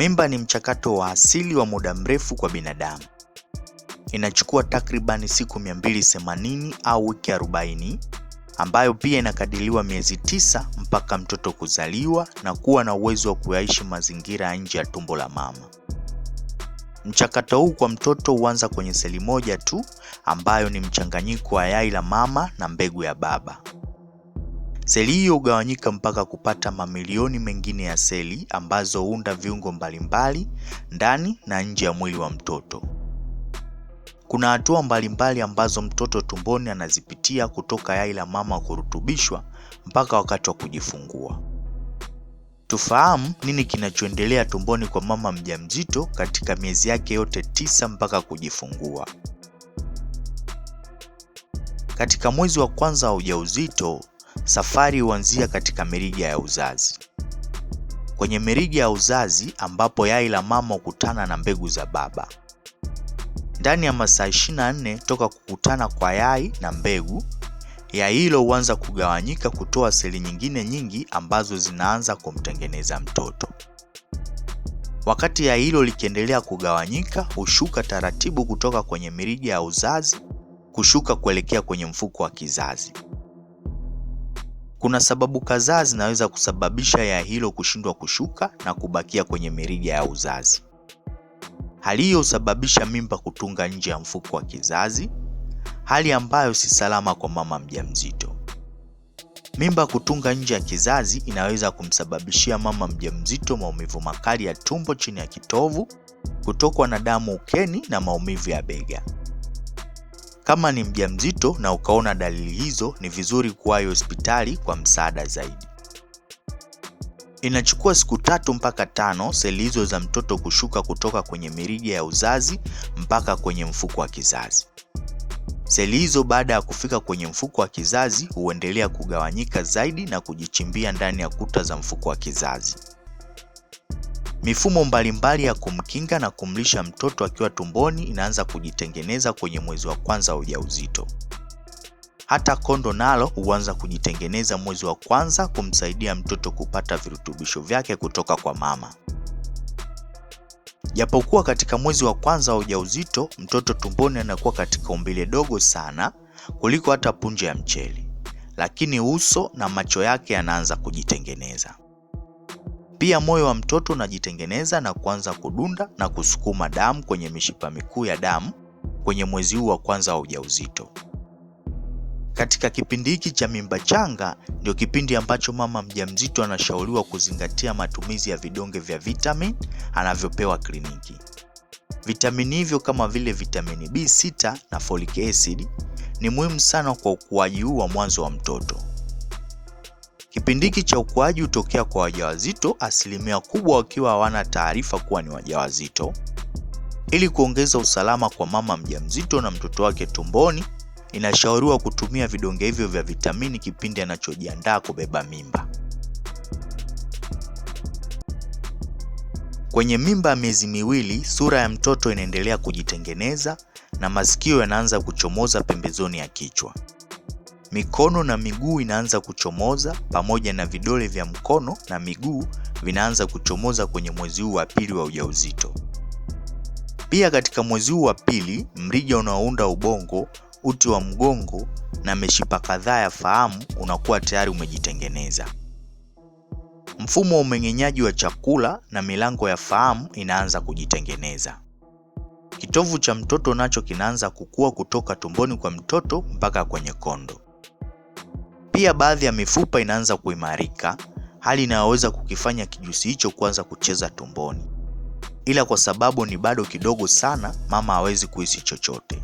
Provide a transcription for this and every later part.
Mimba ni mchakato wa asili wa muda mrefu kwa binadamu. Inachukua takribani siku 280 au wiki 40 ambayo pia inakadiriwa miezi tisa mpaka mtoto kuzaliwa na kuwa na uwezo wa kuyaishi mazingira ya nje ya tumbo la mama. Mchakato huu kwa mtoto huanza kwenye seli moja tu ambayo ni mchanganyiko wa yai la mama na mbegu ya baba. Seli hiyo hugawanyika mpaka kupata mamilioni mengine ya seli ambazo huunda viungo mbalimbali ndani na nje ya mwili wa mtoto. Kuna hatua mbalimbali ambazo mtoto tumboni anazipitia kutoka yai la mama kurutubishwa mpaka wakati wa kujifungua. Tufahamu nini kinachoendelea tumboni kwa mama mjamzito katika miezi yake yote tisa mpaka kujifungua. Katika mwezi wa kwanza wa ujauzito, safari huanzia katika mirija ya uzazi. Kwenye mirija ya uzazi ambapo yai la mama hukutana na mbegu za baba. Ndani ya masaa 24 toka kukutana kwa yai na mbegu, yai hilo huanza kugawanyika kutoa seli nyingine nyingi ambazo zinaanza kumtengeneza mtoto. Wakati yai hilo likiendelea kugawanyika, hushuka taratibu kutoka kwenye mirija ya uzazi kushuka kuelekea kwenye mfuko wa kizazi. Kuna sababu kadhaa zinaweza kusababisha yai hilo kushindwa kushuka na kubakia kwenye mirija ya uzazi. Hali hiyo husababisha mimba kutunga nje ya mfuko wa kizazi, hali ambayo si salama kwa mama mjamzito. Mimba kutunga nje ya kizazi inaweza kumsababishia mama mjamzito maumivu makali ya tumbo chini ya kitovu, kutokwa na damu ukeni na maumivu ya bega. Kama ni mjamzito na ukaona dalili hizo, ni vizuri kuwahi hospitali kwa msaada zaidi. Inachukua siku tatu mpaka tano seli hizo za mtoto kushuka kutoka kwenye mirija ya uzazi mpaka kwenye mfuko wa kizazi. Seli hizo baada ya kufika kwenye mfuko wa kizazi huendelea kugawanyika zaidi na kujichimbia ndani ya kuta za mfuko wa kizazi. Mifumo mbalimbali ya kumkinga na kumlisha mtoto akiwa tumboni inaanza kujitengeneza kwenye mwezi wa kwanza wa ujauzito. Hata kondo nalo huanza kujitengeneza mwezi wa kwanza kumsaidia mtoto kupata virutubisho vyake kutoka kwa mama. Japokuwa katika mwezi wa kwanza wa ujauzito mtoto tumboni anakuwa katika umbile dogo sana kuliko hata punje ya mchele, lakini uso na macho yake yanaanza kujitengeneza. Pia moyo wa mtoto unajitengeneza na kuanza kudunda na kusukuma damu kwenye mishipa mikuu ya damu kwenye mwezi huu wa kwanza wa ujauzito. Katika kipindi hiki cha mimba changa ndio kipindi ambacho mama mjamzito anashauriwa kuzingatia matumizi ya vidonge vya vitamin anavyopewa kliniki. Vitamini hivyo kama vile vitamini B6 na folic acid ni muhimu sana kwa ukuaji huu wa mwanzo wa mtoto. Kipindi hiki cha ukuaji hutokea kwa wajawazito, asilimia kubwa wakiwa hawana taarifa kuwa ni wajawazito. Ili kuongeza usalama kwa mama mjamzito na mtoto wake tumboni, inashauriwa kutumia vidonge hivyo vya vitamini kipindi anachojiandaa kubeba mimba. Kwenye mimba ya miezi miwili, sura ya mtoto inaendelea kujitengeneza na masikio yanaanza kuchomoza pembezoni ya kichwa. Mikono na miguu inaanza kuchomoza pamoja na vidole vya mkono na miguu vinaanza kuchomoza kwenye mwezi huu wa pili wa ujauzito. Pia katika mwezi huu wa pili, mrija unaounda ubongo, uti wa mgongo na mishipa kadhaa ya fahamu unakuwa tayari umejitengeneza. Mfumo wa umeng'enyaji wa chakula na milango ya fahamu inaanza kujitengeneza. Kitovu cha mtoto nacho kinaanza kukua kutoka tumboni kwa mtoto mpaka kwenye kondo. Pia baadhi ya mifupa inaanza kuimarika, hali inayoweza kukifanya kijusi hicho kuanza kucheza tumboni, ila kwa sababu ni bado kidogo sana, mama hawezi kuhisi chochote.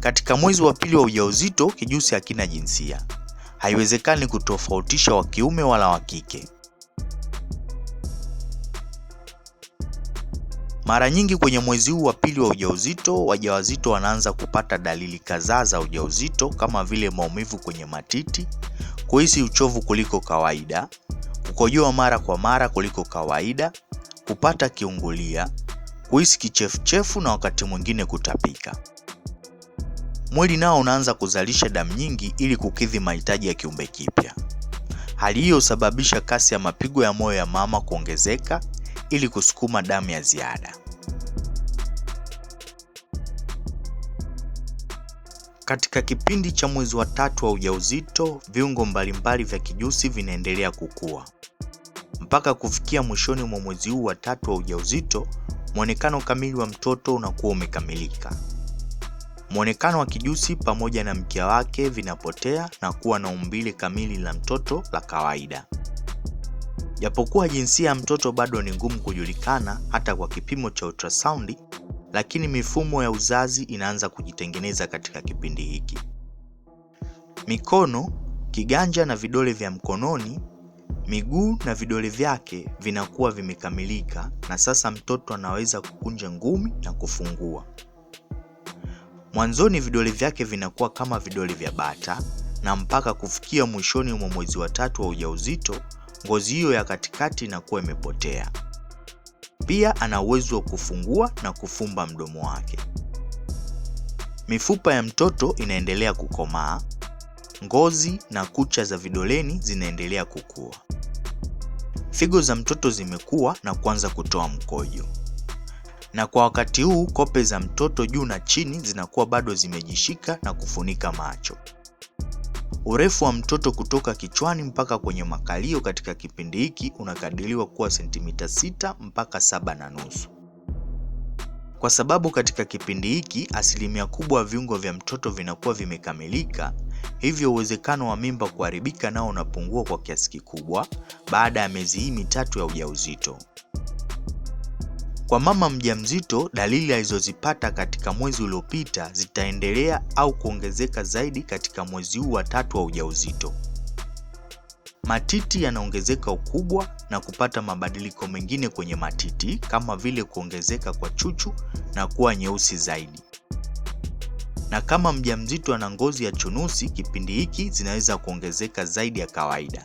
Katika mwezi wa pili wa ujauzito, kijusi hakina jinsia. Haiwezekani kutofautisha wa kiume wala wa kike. Mara nyingi kwenye mwezi huu wa pili wa ujauzito, wajawazito wanaanza kupata dalili kadhaa za ujauzito kama vile maumivu kwenye matiti, kuhisi uchovu kuliko kawaida, kukojoa mara kwa mara kuliko kawaida, kupata kiungulia, kuhisi kichefuchefu na wakati mwingine kutapika. Mwili nao unaanza kuzalisha damu nyingi ili kukidhi mahitaji ya kiumbe kipya. Hali hiyo husababisha kasi ya mapigo ya moyo ya mama kuongezeka ili kusukuma damu ya ziada. Katika kipindi cha mwezi wa tatu wa ujauzito, viungo mbalimbali vya kijusi vinaendelea kukua. Mpaka kufikia mwishoni mwa mwezi huu wa tatu wa ujauzito, mwonekano kamili wa mtoto unakuwa umekamilika. Mwonekano wa kijusi pamoja na mkia wake vinapotea na kuwa na umbile kamili la mtoto la kawaida. Japokuwa jinsia ya mtoto bado ni ngumu kujulikana hata kwa kipimo cha ultrasound, lakini mifumo ya uzazi inaanza kujitengeneza katika kipindi hiki. Mikono, kiganja na vidole vya mkononi, miguu na vidole vyake vinakuwa vimekamilika na sasa mtoto anaweza kukunja ngumi na kufungua. Mwanzoni vidole vyake vinakuwa kama vidole vya bata na mpaka kufikia mwishoni mwa mwezi wa tatu wa ujauzito ngozi hiyo ya katikati inakuwa imepotea. Pia ana uwezo wa kufungua na kufumba mdomo wake. Mifupa ya mtoto inaendelea kukomaa, ngozi na kucha za vidoleni zinaendelea kukua. Figo za mtoto zimekuwa na kuanza kutoa mkojo, na kwa wakati huu kope za mtoto juu na chini zinakuwa bado zimejishika na kufunika macho. Urefu wa mtoto kutoka kichwani mpaka kwenye makalio katika kipindi hiki unakadiriwa kuwa sentimita 6 mpaka 7 na nusu, kwa sababu katika kipindi hiki asilimia kubwa ya viungo vya mtoto vinakuwa vimekamilika, hivyo uwezekano wa mimba kuharibika nao unapungua kwa kiasi kikubwa baada ya miezi hii mitatu ya ujauzito. Kwa mama mjamzito, dalili alizozipata katika mwezi uliopita zitaendelea au kuongezeka zaidi katika mwezi huu wa tatu wa ujauzito. Matiti yanaongezeka ukubwa na kupata mabadiliko mengine kwenye matiti kama vile kuongezeka kwa chuchu na kuwa nyeusi zaidi. Na kama mjamzito ana ngozi ya chunusi, kipindi hiki zinaweza kuongezeka zaidi ya kawaida.